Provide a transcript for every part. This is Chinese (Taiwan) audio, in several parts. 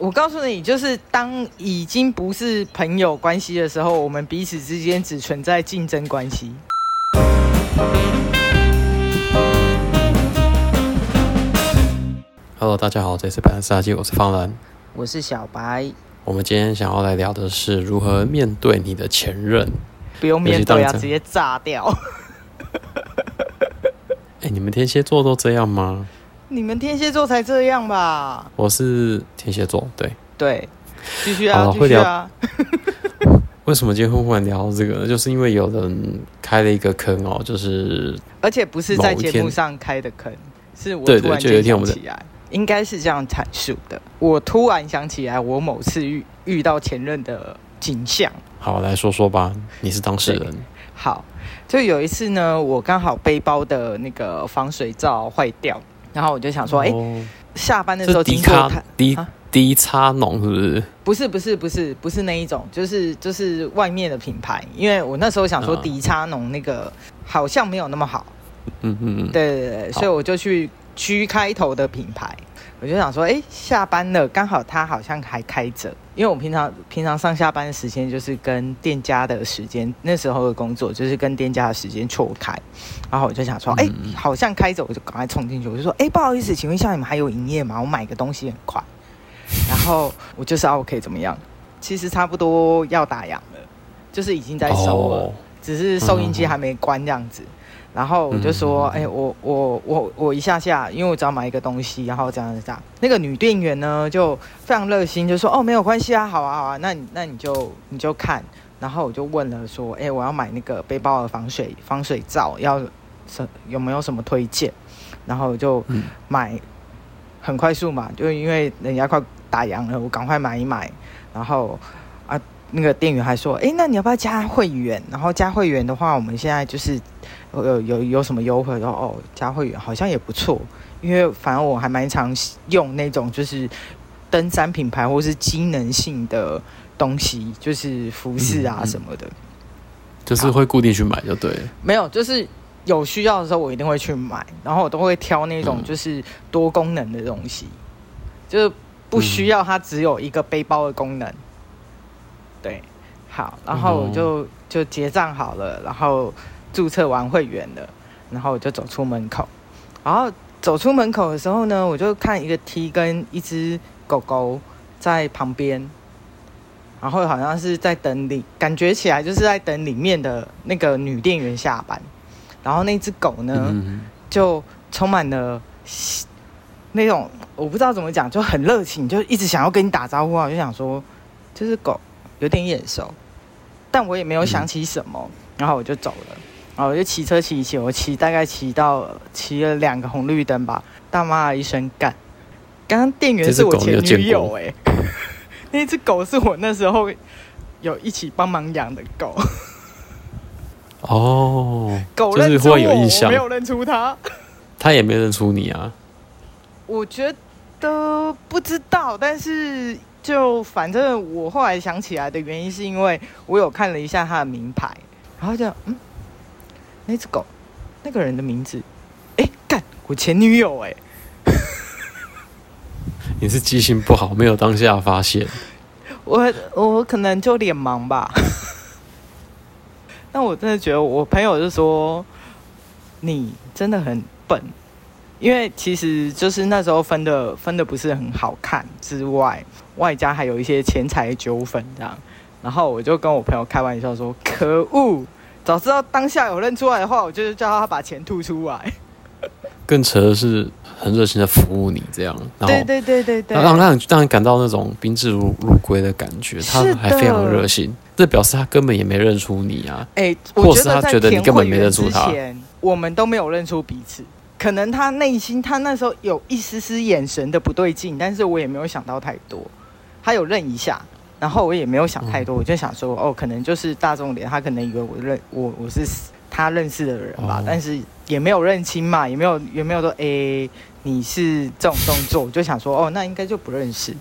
我告訴你，就是當已經不是朋友關係的時候，我們彼此之間只存在競爭關係。Hello，大家好，這裡是《本山殺機》，我是方藍，我是小白。我們今天想要來聊的是如何面對你的前任。不用面對，要直接炸掉。哎、 欸，你們天蠍座都這樣嗎？你們天蠍座才這樣吧？我是天蠍座，對對，繼續啊，繼啦續啊。會聊 為什麼今天忽然聊這個呢？就是因為有人開了一個坑哦、喔，就是而且不是在節目上開的坑，天是我突然想起來，對對對應該是這樣闡述的。我突然想起來，我某次遇遇到前任的景象。好，來說說吧，你是當事人。好，就有一次呢，我剛好背包的那個防水罩壞掉。然後我就想說，哎、oh,，下班的時候迪卡迪卡迪，迪卡儂是不是？啊、不是不是不是不是那一種，就是就是外面的品牌，因為我那時候想說迪卡儂那個好像沒有那麼好，嗯嗯嗯，對不對不對，好所以我就去屈開頭的品牌。我就想說，哎、欸，下班了，剛好他好像還開着，因為我平常平常上下班的時間就是跟店家的時間，那時候的工作就是跟店家的時間錯開，然後我就想說，哎、欸，好像開着，我就趕快衝進去，我就說，哎、欸，不好意思，請問一下你們還有營業嗎？我買個東西很快，然後我就是啊，我可以怎麼樣？其實差不多要打烊了，就是已經在收了，只是收銀機還沒關這樣子。然後我就說：“欸，我我我我一下下，因為我只要買一個東西，然後這樣子。”那個女店員呢，就非常熱心，就說：“哦，沒有關係啊，好啊好啊，那你那你就你就看。”然後我就問了說：“欸，我要買那個背包的防水防水罩，要什麼有沒有什麼推薦？”然後我就買，很快速嘛，就因為人家快打烊了，我趕快買一買。然後。那個店員還說：“哎、欸，那你要不要加會員？然後加會員的話，我們現在就是有有有有什麼優惠？然後哦，加會員好像也不錯，因為反正我還蠻常用那種就是登山品牌或是機能性的東西，就是服飾啊什麼的，嗯嗯啊、就是會固定去買就對了。沒有，就是有需要的時候我一定會去買，然後我都會挑那種就是多功能的東西，嗯、就是不需要它只有一個背包的功能。”對，好，然後我就、oh. 就結賬好了，然後注冊完會員了，然後我就走出門口，然後走出門口的時候呢，我就看一個梯跟一只狗狗在旁邊，然後好像是在等裡，感覺起來就是在等裡面的那個女店員下班，然後那只狗呢，mm hmm. 就充滿了那種我不知道怎麼講，就很熱情，就一直想要跟你打招呼啊，我就想說，就是狗。有點眼熟，但我也沒有想起什麼，嗯、然後我就走了。然後我就騎車騎一騎，我騎大概騎到了騎了兩個紅綠燈吧。大罵一聲幹，剛剛店員是我前女友哎、欸，只 那只狗是我那時候有一起幫忙養的狗。哦，oh, 狗認出我，我沒有認出他，他也沒認出你啊。我覺得不知道，但是。就反正我後來想起來的原因是因為我有看了一下他的名牌，然後就嗯，那只狗那個人的名字，哎、欸，幹我前女友哎， 你是記性不好，沒有當下發現，我我可能就臉盲吧。 那我真的覺得，我朋友就說你真的很笨，因為其實就是那時候分的分的不是很好看之外外加還有一些錢財糾紛這樣，然後我就跟我朋友開玩笑說：“可惡，早知道當下有認出來的話，我就叫他把錢吐出來。”更扯的是，很熱心的服務你這樣，然後對對對對對，讓讓你讓你感到那種賓至如如歸的感覺，他還非常熱心，的這表示他根本也沒認出你啊！欸，或是他覺得你根本沒認出他我。我們都沒有認出彼此，可能他內心他那時候有一絲絲眼神的不對勁，但是我也沒有想到太多。他有認一下，然後我也沒有想太多，嗯、我就想說，哦，可能就是大眾臉，他可能以為我認我我是他認識的人吧，哦、但是也沒有認清嘛，也沒有也沒有說，哎、欸，你是這種動作， 我就想說，哦，那應該就不認識。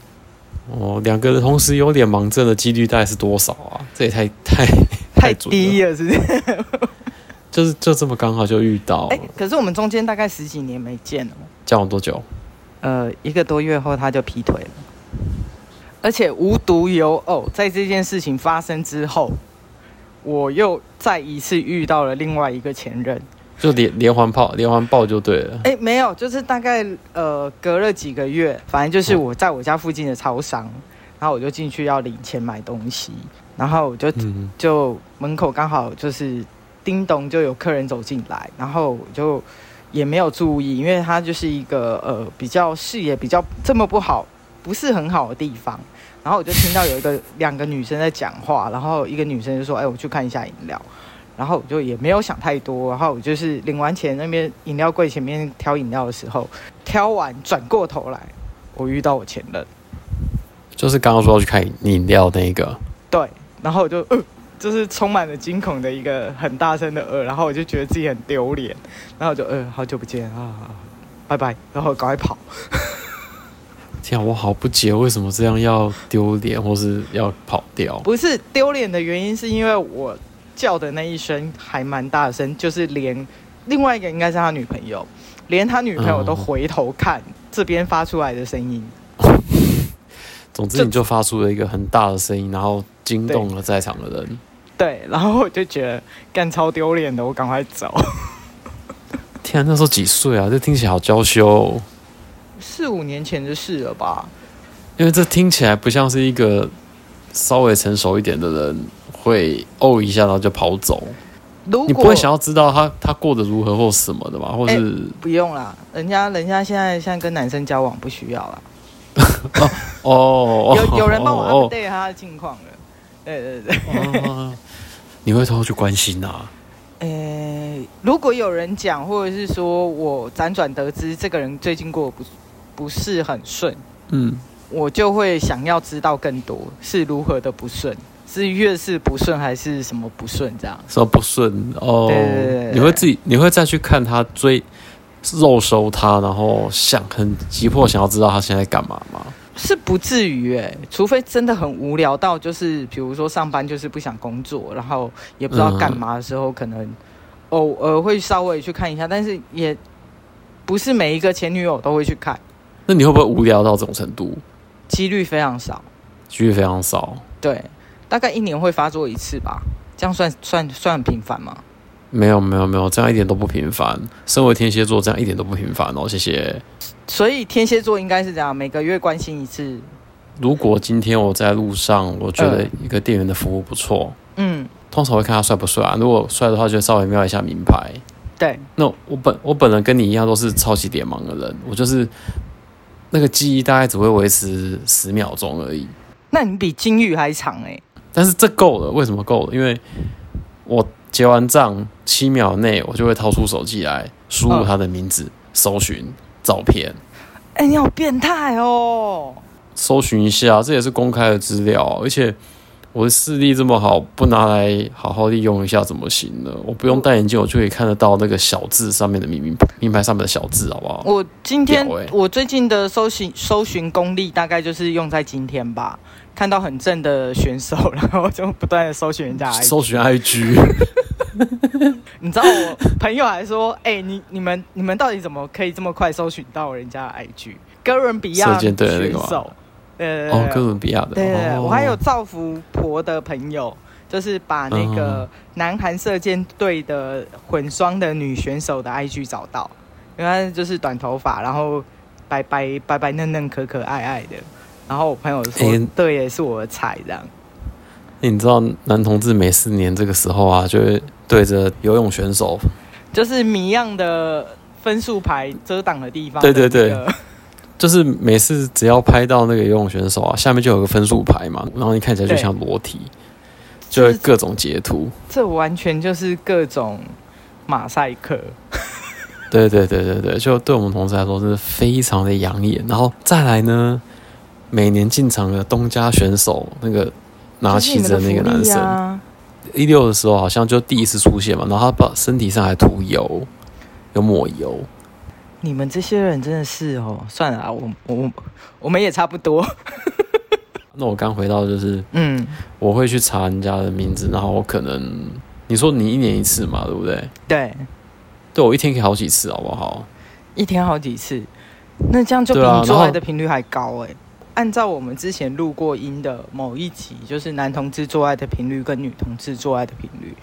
哦，兩個人同時有臉盲症的幾率大概是多少啊？這也太太 太，了太低了是不是？ 就是就這麼剛好就遇到。哎、欸，可是我們中間大概十幾年沒見了。交往多久？呃，一個多月後他就劈腿了。而且無獨有偶，在這件事情發生之後，我又再一次遇到了另外一個前任，就連連環炮，連環爆就對了。誒、欸，沒有，就是大概呃隔了幾個月，反正就是我在我家附近的超商，嗯、然後我就進去要領錢買東西，然後我就就門口剛好就是叮咚就有客人走進來，然後我就也沒有注意，因為他就是一個呃比較視野比較這麼不好。不是很好的地方，然後我就聽到有一個兩個女生在講話，然後一個女生就說：“哎，我去看一下飲料。”然後我就也沒有想太多，然後我就是領完錢那邊飲料櫃前面挑飲料的時候，挑完轉過頭來，我遇到我前任，就是剛剛說要去看飲料那個。對，然後我就呃，就是充滿了驚恐的一個很大聲的呃，然後我就覺得自己很丟臉，然後我就呃，好久不見啊，拜拜，然後趕快跑。天、啊，我好不解，為什麼這樣要丟臉，或是要跑掉？不是丟臉的原因，是因為我叫的那一聲還蠻大聲，就是連另外一個應該是他女朋友，連他女朋友都回頭看這邊發出來的聲音。 總之，你就發出了一個很大的聲音，然後驚動了在場的人。對，對，然後我就覺得幹超丟臉的，我趕快走。 天啊，那時候幾歲啊？這聽起來好嬌羞哦。四五年前的事了吧？因為這聽起來不像是一個稍微成熟一點的人會哦一下，然後就跑走。如果你不會想要知道他他，過得如何或什麼的吧，或是、欸、不用啦，人家人家現在現在跟男生交往不需要啦。 啊、哦 有有人幫我 update、哦、他的近況了，哦、對對對、哦。哦、 你會偷偷去關心吶、啊？呃、欸，如果有人講，或者是說我輾轉得知這個人最近過得不。不是很順，嗯，我就會想要知道更多是如何的不順，是越是不順還是什麼不順這樣？什麼不順哦？Oh, 對對對對，你會自己你會再去看他追肉搜他，然後想很急迫想要知道他現在幹嘛嗎？嗯。是不至於哎、欸，除非真的很無聊到就是比如說上班就是不想工作，然後也不知道幹嘛的時候，嗯哼，可能偶爾會稍微去看一下，但是也不是每一個前女友都會去看。那你會不會無聊到這種程度？幾率非常少，幾率非常少。對，大概一年會發作一次吧？這樣算算算很頻繁嗎？沒有沒有沒有，這樣一點都不頻繁。身為天蠍座，這樣一點都不頻繁哦。謝謝。所以天蠍座應該是這樣，每個月關心一次。如果今天我在路上，我覺得一個店員的服務不錯，嗯，通常會看他帥不帥啊。如果帥的話，就稍微瞄一下名牌。對。那我本我本人跟你一樣，都是超級臉盲的人，我就是。那個記憶大概只會維持十秒鐘而已。那你比金魚還長哎、欸！但是這夠了。為什麼夠了？因為我結完賬七秒內，我就會掏出手機來輸入他的名字，嗯、搜尋照片。哎、欸，你好變態哦！搜尋一下，這也是公開的資料，而且。我的視力這麼好，不拿來好好利用一下怎麼行呢？我不用戴眼鏡，我就可以看得到那個小字上面的名牌，名牌上面的小字，好不好？我今天、欸、我最近的搜尋搜尋功力大概就是用在今天吧，看到很正的選手，然後就不斷的搜尋人家搜尋 IG。你知道我朋友還說，哎、欸，你你們你們到底怎麼可以這麼快搜尋到人家的 IG？哥倫比亞的選手。呃，對對對對對哦，哥倫比亞的。對，對,對，哦、我還有造福婆的朋友，哦、就是把那個南韓射箭隊的混雙的女選手的 IG 找到，原來就是短頭髮，然後白白白白嫩嫩，嫩、可可愛愛的。然後我朋友說，欸、對，也是我的菜。這、欸、你知道男同志每四年這個時候啊，就是對着游泳選手，就是謎樣的分數牌遮擋的地方的、那個。對對對。就是每次只要拍到那個游泳選手啊，下面就有個分數牌嘛，然後你看起來就像裸體，對就會各種截圖這。這完全就是各種馬賽克。 對,對對對對對，就對我們同事來說，是非常的養眼。然後再來呢，每年進場的東加選手，那個拿旗子的那個男生，一六的,、啊、的時候好像就第一次出現嘛，然後他把身體上還塗油，有抹油。你們這些人真的是哦，算了啊，我我我們也差不多。 那我剛回到就是，嗯，我會去查人家的名字，然後我可能你說你一年一次嘛，對不對？對，對我一天可以好幾次，好不好？一天好幾次，那這樣就比做愛的頻率還高誒。啊，按照我們之前錄過音的某一集，就是男同志做愛的頻率跟女同志做愛的頻率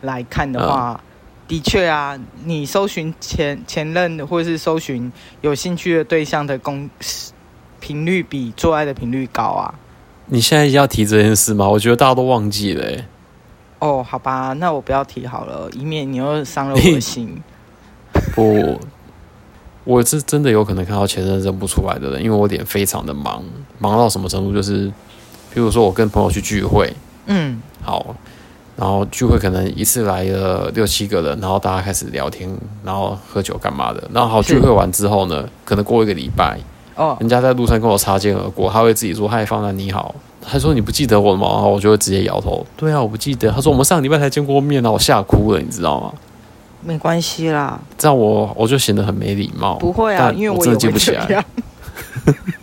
來看的話。嗯的確啊，你搜尋前前任，或者是搜尋有興趣的對象的工頻率，比做愛的頻率高啊。你現在要提這件事嗎？我覺得大家都忘記了，欸。哦，好吧，那我不要提好了，以免你又傷了我的心。 不，我是真的有可能看到前任認不出來的人，因為我臉非常的盲，盲到什麼程度？就是，比如說我跟朋友去聚會，嗯，好。然後聚會可能一次來了六七個人，然後大家開始聊天，然後喝酒幹嘛的。然後好聚會完之後呢，是可能過一個禮拜，哦，人家在路上跟我擦肩而過，他會自己說：“嗨，方藍，你好。”他說：“你不記得我了嗎？”然後我就會直接搖頭：“對啊，我不記得。”他說：“我們上個禮拜才見過面。”然後我嚇哭了，你知道嗎？沒關係啦。這樣我我就顯得很沒禮貌。不會啊，因為我真的記不起來。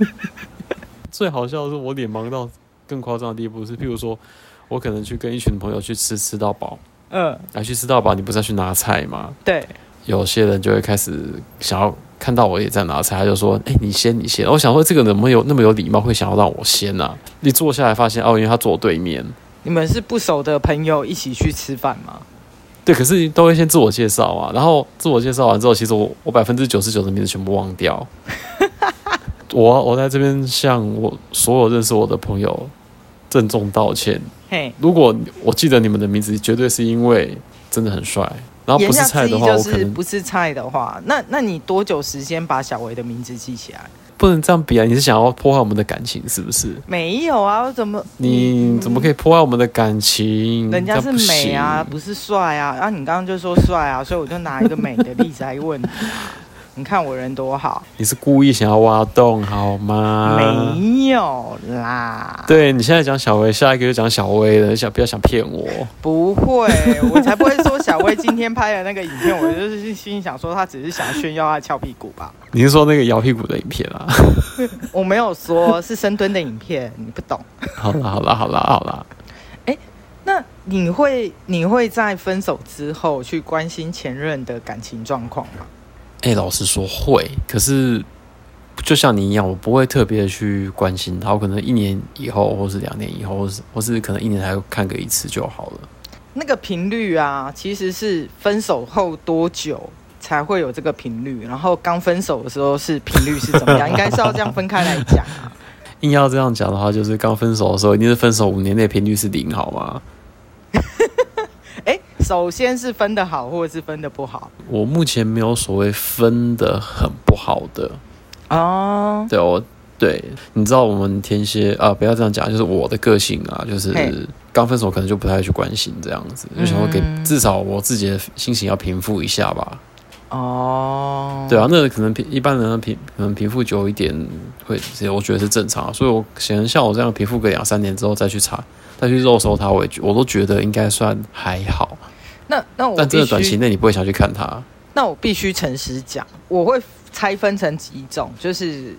最好笑的是，我臉盲到更誇張的地步是，譬如說。我可能去跟一群朋友去吃，吃到飽，嗯、呃，來、啊、去吃到飽，你不是要去拿菜嗎？對，有些人就會開始想要看到我也在拿菜，他就說：“哎、欸，你先，你先。”我想說，這個人怎麼有那麼有禮貌，會想要讓我先啊？你坐下來發現哦、啊，因為他坐我對面，你們是不熟的朋友一起去吃飯嗎？對，可是都會先自我介紹啊，然後自我介紹完之後，其實我我百分之九十九的名字全部忘掉， 我我在這邊向我所有認識我的朋友鄭重道歉。嘿，hey, 如果我記得你們的名字，絕對是因為真的很帥。然後不是菜的話，就是不是菜的話我可能不是菜的話，那那你多久時間把小維的名字記起來？不能這樣比啊！你是想要破壞我們的感情是不是？沒有啊，我怎麼？你怎麼可以破壞我們的感情？嗯、人家是美啊，不是帥啊。然、啊、後你剛剛就說帥啊， 所以我就拿一個美的例子來問你、啊。 你看我人多好，你是故意想要挖洞好嗎？沒有啦。對，你現在講小薇，下一個就講小薇了，你想不要想騙我？不會，我才不會說小薇今天拍的那個影片，我就是心想說她只是想炫耀，她翹屁股吧？你是說那個搖屁股的影片啦，啊？ 我沒有說是深蹲的影片，你不懂。 好啦，好啦，好啦，好啦。哎，欸，那你會你會在分手之後去關心前任的感情狀況嗎？哎、欸，老實說會，可是就像你一樣，我不會特別去關心他。我可能一年以後，或是兩年以後，或是或是可能一年才看個一次就好了。那個頻率啊，其實是分手後多久才會有這個頻率？然後剛分手的時候是頻率是怎麼樣？ 應該是要這樣分開來講啊。 硬要這樣講的話，就是剛分手的時候，一定是分手五年內頻率是零，好嗎？首先是分得好，或者是分得不好。我目前沒有所謂分得很不好的哦。Oh. 對，我對，你知道我們天蠍啊，不要這樣講，就是我的個性啊，就是剛 Hey. 分手可能就不太去關心這樣子，就想要給至少我自己的心情要平復一下吧。哦，oh. 對啊，那個、可能一般人的皮可能平復久一點會，我覺得是正常，所以我顯然像我這樣平復個兩三年之後，再去查、再去肉搜他，我也，我我都覺得應該算還好。那那我但真的短期內你不會想去看他？那我必須誠實講，我會拆分成幾種，就是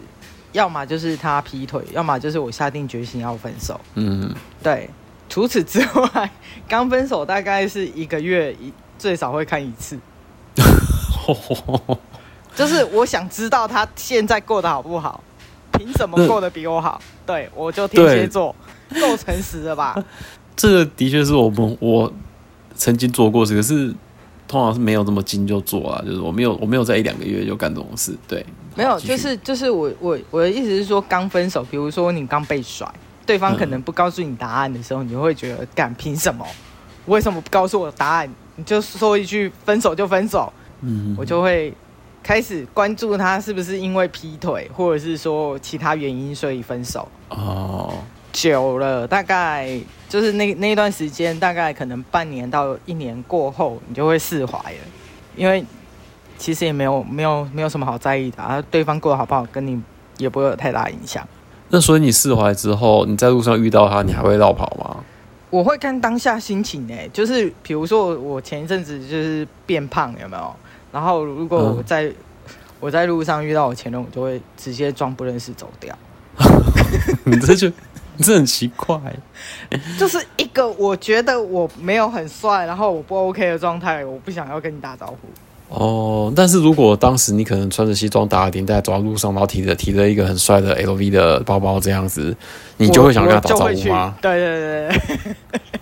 要麼就是他劈腿，要麼就是我下定決心要分手。嗯哼，對，除此之外，剛分手大概是一個月一最少會看一次。 就是我想知道他現在過得好不好？憑什麼過得比我好？嗯、對我就天蠍座夠誠對實的吧？這個的確是我們我，我曾經做過這個，可是通常是沒有這麼精就做了，就是我沒有我沒有在一兩個月就幹這種事。對，沒有，續就是就是我我我的意思是說，剛分手，比如說你剛被甩，對方可能不告訴你答案的時候，嗯、你會覺得，幹憑什麼？為什麼不告訴我答案？你就說一句分手就分手。嗯，我就會開始關注他是不是因為劈腿，或者是說其他原因，所以分手。哦，Oh. 久了，大概就是那那段時間，大概可能半年到一年過後，你就會釋懷了，因為其實也沒有沒有沒有什麼好在意的啊。對方過得好不好，跟你也不會有太大影響。那所以你釋懷之後，你在路上遇到他，你還會繞跑嗎？我會看當下心情誒、欸，就是比如說我前一陣子就是變胖，有沒有？然後，如果我在我在路上遇到我前任，我就會直接裝不認識走掉 你。這就 這很奇怪。就是一個我覺得我沒有很帥，然後我不 OK 的狀態，我不想要跟你打招呼。哦，但是如果當時你可能穿着西裝打領帶，走在路上，然後提着提着一個很帥的 LV 的包包這樣子，你就會想跟他打招呼嗎？我我對對對，對。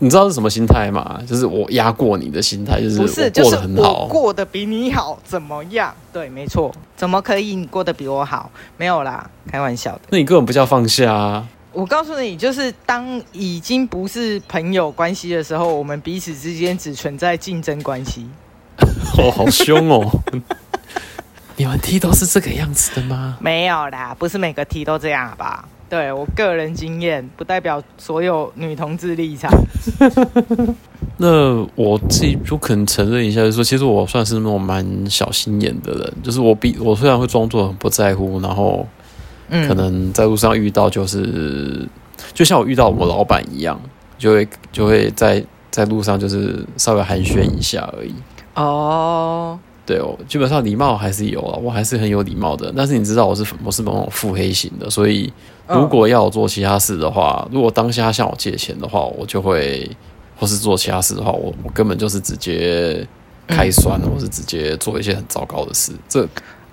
你知道是什麼心態嗎？就是我壓過你的心態，就是過得很好，不是，就是我過得比你好，怎麼樣？對，沒錯。怎麼可以你過得比我好？沒有啦，開玩笑的。那你根本不叫放下啊！我告訴你，就是當已經不是朋友關係的時候，我們彼此之間只存在競爭關係。 哦，好凶哦！ 你們踢，都是這個樣子的嗎？沒有啦，不是每個踢都這樣好不好，吧。對，我個人經驗，不代表所有女同志立場。 那我自己就可能承認一下就是，就說其實我算是那種蠻小心眼的人，就是我比我雖然會裝作很不在乎，然後可能在路上遇到，就是、嗯、就像我遇到我老闆一樣，就會就會在在路上就是稍微寒暄一下而已。哦。Oh. 對哦，基本上禮貌還是有啊，我還是很有禮貌的。但是你知道我是我是那種腹黑型的，所以如果要做其他事的話，Oh. 如果當下向我借錢的話，我就會；或是做其他事的話，我我根本就是直接開酸，或 是直接做一些很糟糕的事。這，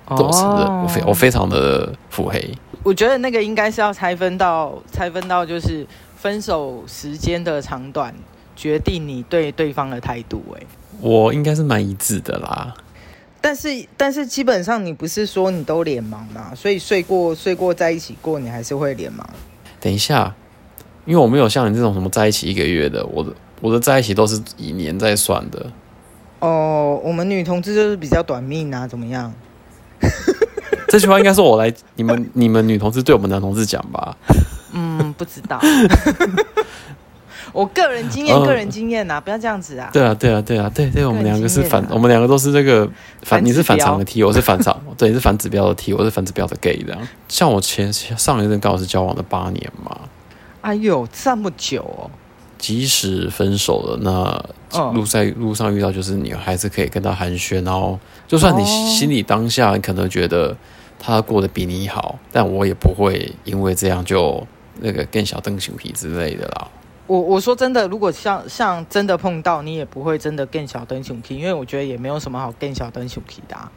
都是、Oh. 我，我非常的腹黑。我覺得那個應該是要拆分到拆分到，拆分到就是分手時間的長短決定你對對方的態度、欸。哎，我應該是蠻一致的啦。但是但是基本上你不是說你都臉盲嘛？所以睡過睡過在一起過，你還是會臉盲。等一下，因為我沒有像你這種什麼在一起一個月的，我的我的在一起都是以年在算的。哦，我們女同志就是比較短命啊？怎麼樣？這句話應該是我來 你們你們女同志對我們男同志講吧？嗯，不知道。 我個人經驗，呃、個人經驗吶、啊，不要這樣子啊！對啊，對啊，對啊，對對，對，我們兩個是反，啊、我們兩個都是那個反，反你是反常的 T，我是反常， 對，你是反指標的 T，我是反指標的 Gay 這樣。像我前上一任剛好是交往了八年嘛，哎呦，這麼久哦！即使分手了，那路在路上遇到，就是你還是可以跟他寒暄，哦、然後就算你心裡當下你可能覺得他過得比你好，但我也不會因為這樣就那個更小瞪眼皮之類的啦。我我說真的，如果像像真的碰到，你也不會真的更小登熊皮，因為我覺得也沒有什麼好更小登熊皮的、啊。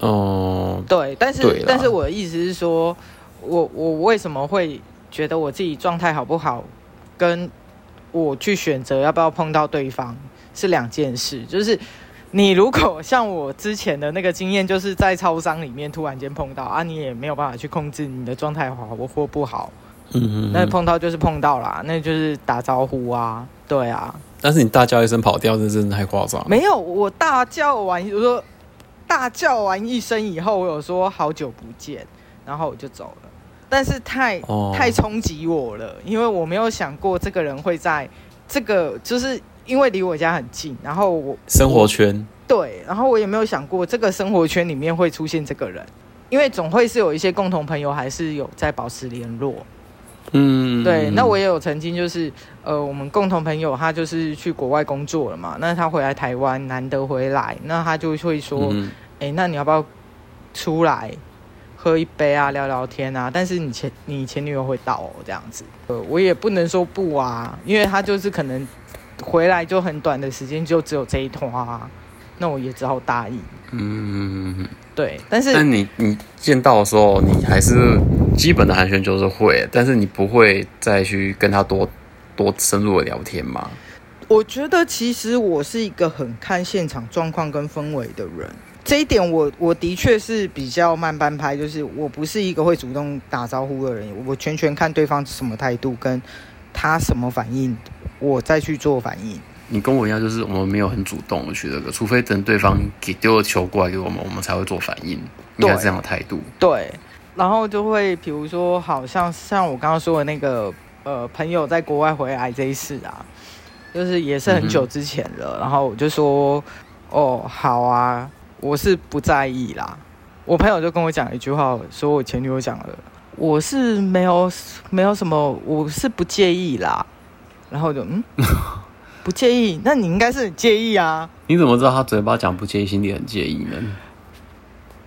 哦、嗯，對，但是啦但是我的意思是說，我我為什麼會覺得我自己狀態好不好，跟我去選擇要不要碰到對方是兩件事。就是你如果像我之前的那個經驗，就是在超商裡面突然間碰到啊，你也沒有辦法去控制你的狀態好或或不好。嗯嗯，那碰到就是碰到啦。那就是打招呼啊，對啊。但是你大叫一聲跑掉，這真的太誇張。沒有，我大叫完，我說大叫完一聲以後，我有說好久不見，然後我就走了。但是太太衝擊我了，哦，因為我沒有想過這個人會在這個，就是因為離我家很近，然後我生活圈對，然後我也沒有想過這個生活圈裡面會出現這個人，因為總會是有一些共同朋友，還是有在保持聯絡。嗯，對，那我也有曾經就是，呃，我們共同朋友他就是去國外工作了嘛，那他回來台灣難得回來，那他就會說，哎、嗯欸，那你要不要出來喝一杯啊，聊聊天啊？但是你前你前女友會到、哦、這樣子，呃，我也不能說不啊，因為他就是可能回來就很短的時間，就只有這一趟啊，那我也只好答應。嗯，對，但是，但你你見到的時候，你還是。基本的寒暄就是會，但是你不會再去跟他多多深入的聊天嗎？我覺得其實我是一個很看現場狀況跟氛圍的人，這一點我我的確是比較慢半拍，就是我不是一個會主動打招呼的人，我全全看對方什麼態度，跟他什麼反應，我再去做反應。你跟我一樣，就是我們沒有很主動的去這個，除非等對方給丟了球過來給我們，我們才會做反應。對應該是這樣的態度，對。然後就會，比如說，好像像我剛剛說的那個，呃，朋友在國外回來這一事啊，就是也是很久之前了。嗯、哼然後我就說，哦，好啊，我是不在意啦。我朋友就跟我講一句話，說我前女友講了，我是沒有沒有什麼，我是不介意啦。然後就嗯， 不介意，那你應該是很介意啊？你怎麼知道他嘴巴講不介意，心裡很介意呢？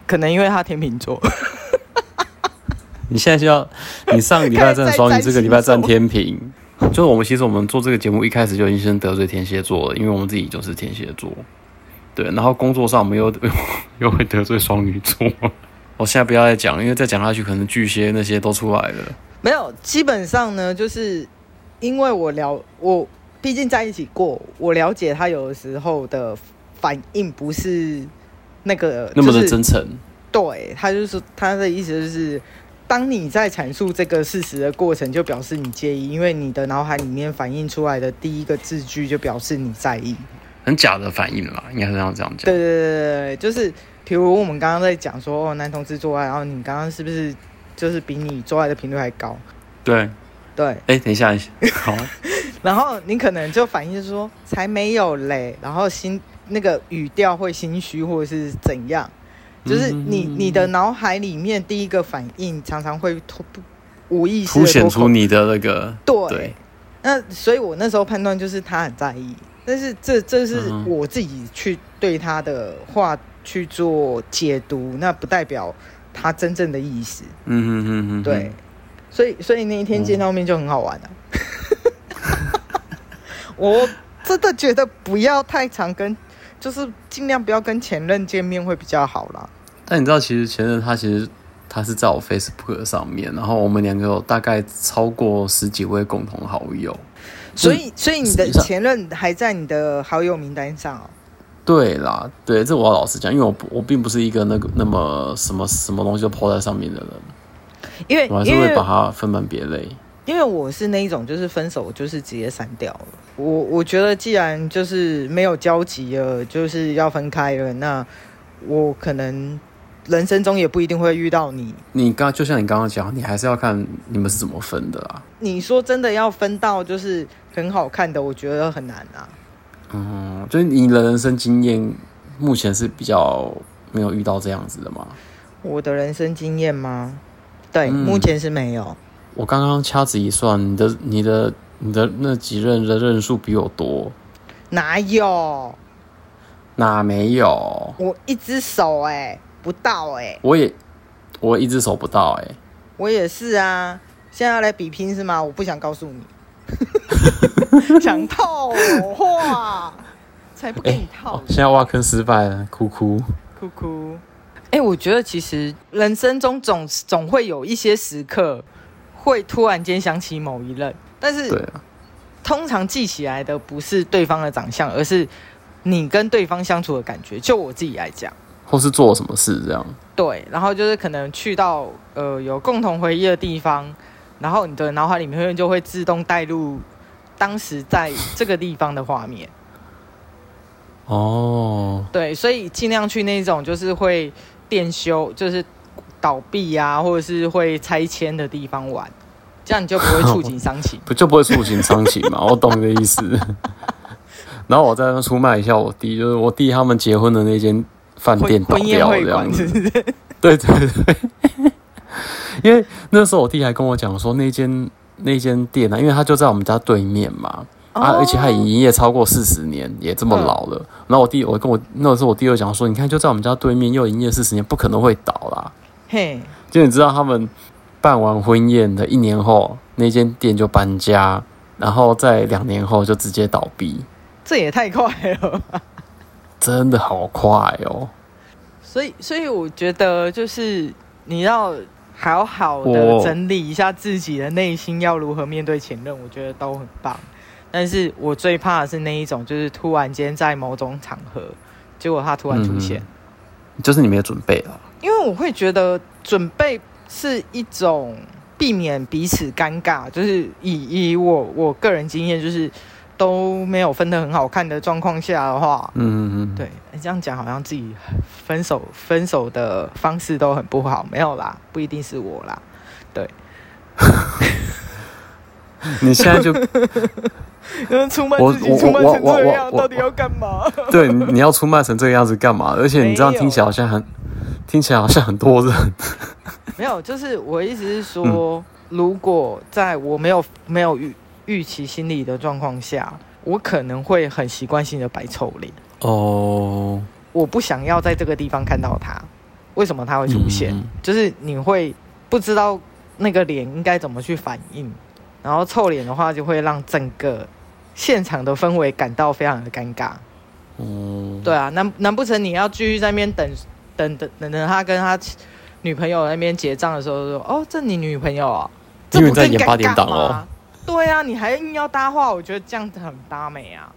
可能因為他天秤座。 你現在就要，你上個禮拜占雙你這個禮拜占天平，就是我們其實我們做這個節目一開始就已經先得罪天蠍座了，因為我們自己就是天蠍座，對。然後工作上我們又又會得罪雙魚座，我現在不要再講，因為再講下去可能巨蟹那些都出來了。沒有，基本上呢，就是因為我了，我畢竟在一起過，我了解他有的時候的反應不是那個、就是、那麼的真誠。對，他就是他的意思就是。當你在闡述這個事實的過程，就表示你介意，因為你的腦海裡面反映出來的第一個字句，就表示你在意，很假的反應嘛，應該是要這樣講。對對對對對，就是，比如我們剛剛在講說，哦，男同志做愛，然後你剛剛是不是，就是比你做愛的頻率還高？對對。哎對、欸，等一下，好， 然後你可能就反應說，才沒有嘞，然後心那個語調會心虛，或者是怎樣？就是你你的腦海裡面第一個反應常常會突無意識凸顯出你的那個對，對，那所以我那時候判斷就是他很在意，但是這這是我自己去對他的話去做解讀，嗯、那不代表他真正的意思。嗯嗯嗯嗯，對，所以所以那一天見到面就很好玩了。嗯、 我真的覺得不要太常跟，就是盡量不要跟前任見面會比較好啦。但你知道，其實前任他其實他是在我 Facebook 上面，然後我們兩個大概超過十幾位共同好友，所以所以你的前任還在你的好友名單上哦？對啦，對，這我要老實講，因為我我並不是一個那個那麼什麼什麼東西就 po 在上面的人，因為我還是會把它分門別類因，因為我是那一種就是分手就是直接刪掉了。我我覺得既然就是沒有交集了，就是要分開了，那我可能。人生中也不一定會遇到你。你剛就像你剛剛講，你還是要看你們是怎麼分的啦。你說真的要分到就是很好看的，我覺得很難啊。嗯，就是你的人生經驗目前是比較沒有遇到這樣子的嗎？我的人生經驗嗎？對，嗯、目前是沒有。我剛剛掐指一算，你的、你的、你的那幾任的任數比我多。哪有？哪沒有？我一只手哎、欸。不到哎、欸，我也我一隻手不到哎、欸，我也是啊。現在要來比拼是嗎？我不想告訴你，講 套話才不給你套、欸。現在挖坑失敗了，哭哭哭哭。哎、欸，我覺得其實人生中總總會有一些時刻，會突然間想起某一任，但是了通常記起來的不是對方的長相，而是你跟對方相處的感覺。就我自己來講。或是做什麼事這樣，對，然後就是可能去到呃有共同回憶的地方，然後你的腦海裡面就會自動帶入當時在這個地方的畫面。哦， 對，所以盡量去那種就是會店修，就是倒閉啊，或者是會拆遷的地方玩，這樣你就不會觸景傷情，不 就不會觸景傷情嘛？我懂你的意思。 然後我再出賣一下我弟，就是我弟他們結婚的那間。飯店倒掉這樣子，對對對，對，因為那時候我弟還跟我講說那間，那間那間店呢、啊，因為他就在我們家對面嘛，啊，而且已營業超過四十年，也這麼老了。然後我弟我跟我那個、時候我弟又講說，你看就在我們家對面又營業四十年，不可能會倒啦。嘿，就你知道他們辦完婚宴的一年後，那間店就搬家，然後在兩年後就直接倒閉，這也太快了吧！真的好快哦，所以，所以我覺得就是你要好好的整理一下自己的內心，要如何面對前任，我覺得都很棒。但是我最怕的是那一種，就是突然間在某種場合，結果他突然出現，就是你沒有準備了。因為我會覺得準備是一種避免彼此尷尬，就是以以我我個人經驗，就是。都沒有分得很好看的狀況下的話，嗯嗯哼嗯，對，你這樣講好像自己分手分手的方式都很不好，沒有啦，不一定是我啦，對。 你現在就你要出賣自己，我出賣成這樣，我我我我到底要幹嘛？ 對，你要出賣成這個樣子幹嘛？而且你這樣聽起來好像很有聽起來好像很多人沒有，就是我意思是說，嗯、如果在我沒有沒有遇。預期心理的狀況下，我可能會很習慣性的擺臭臉哦。Oh. 我不想要在這個地方看到他，為什麼他會出現？Mm. 就是你會不知道那個臉應該怎麼去反應，然後臭臉的話就會讓整個現場的氛圍感到非常的尷尬。嗯，mm. 對啊，難難不成你要繼續在那邊等等等等等他跟他女朋友那邊結賬的時候就說：“哦，這是你女朋友啊，這不更尷尬嗎？”哦對啊，你還硬要搭話，我覺得這樣子很搭美啊。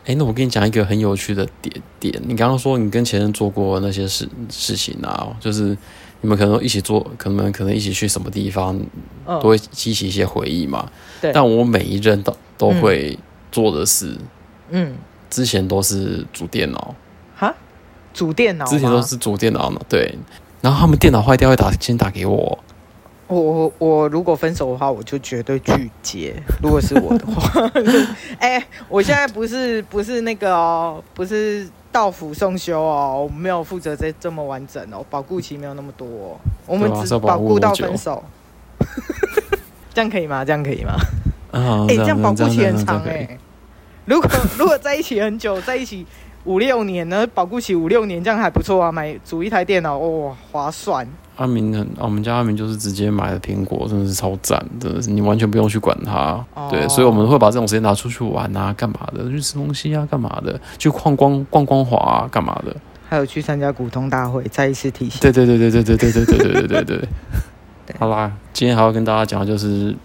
哎、欸，那我跟你講一個很有趣的點點。你剛剛說你跟前任做過那些事事情啊，就是你們可能一起做，可能可能一起去什麼地方，都會激起一些回憶嘛。嗯、但我每一任都都會做的事，嗯，之前都是主電腦。哈，主電腦？之前都是主電腦嗎？對。然後他們電腦壞掉，會打先打給我。我我如果分手的話，我就絕對拒絕。 如果是我的話，哎、 就是欸，我現在不是不是那個哦，不是到府送修哦，我沒有負責這這麼完整哦，保固期沒有那麼多、哦，我們只保固到分手。 這樣可以嗎？這樣可以嗎？哎，這樣保固期很長哎。如果如果在一起很久， 在一起。五六年呢，保固期五六年，這樣還不錯啊。買組一台電腦，哇、哦，划算。阿明很、啊，我們家阿明就是直接買了蘋果，真的是超讚的，你完全不用去管它。哦、對，所以我們會把這種時間拿出去玩啊，幹嘛的？去吃東西啊，幹嘛的？去逛逛逛光華啊，幹嘛的？還有去參加股東大會，再一次提醒。對對對對對對對對對對對對，對， 對。好啦，今天還要跟大家講的就是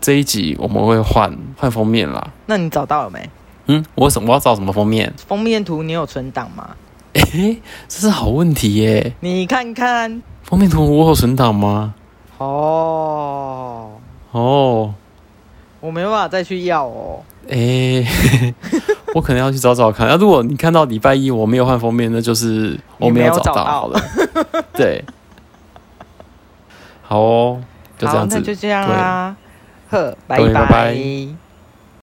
這一集我們會換換封面啦。那你找到了沒？嗯，我什麼，我要找什麼封面？封面圖你有存檔嗎？哎、欸，這是好問題耶、欸！你看看封面圖，我有存檔嗎？哦哦，我沒辦法再去要哦。哎、欸， 我可能要去找找看。那、啊、如果你看到禮拜一我沒有換封面，那就是我沒有找到了。到了 對，好哦，好，就這樣子。就這樣啦、啊對，拜拜。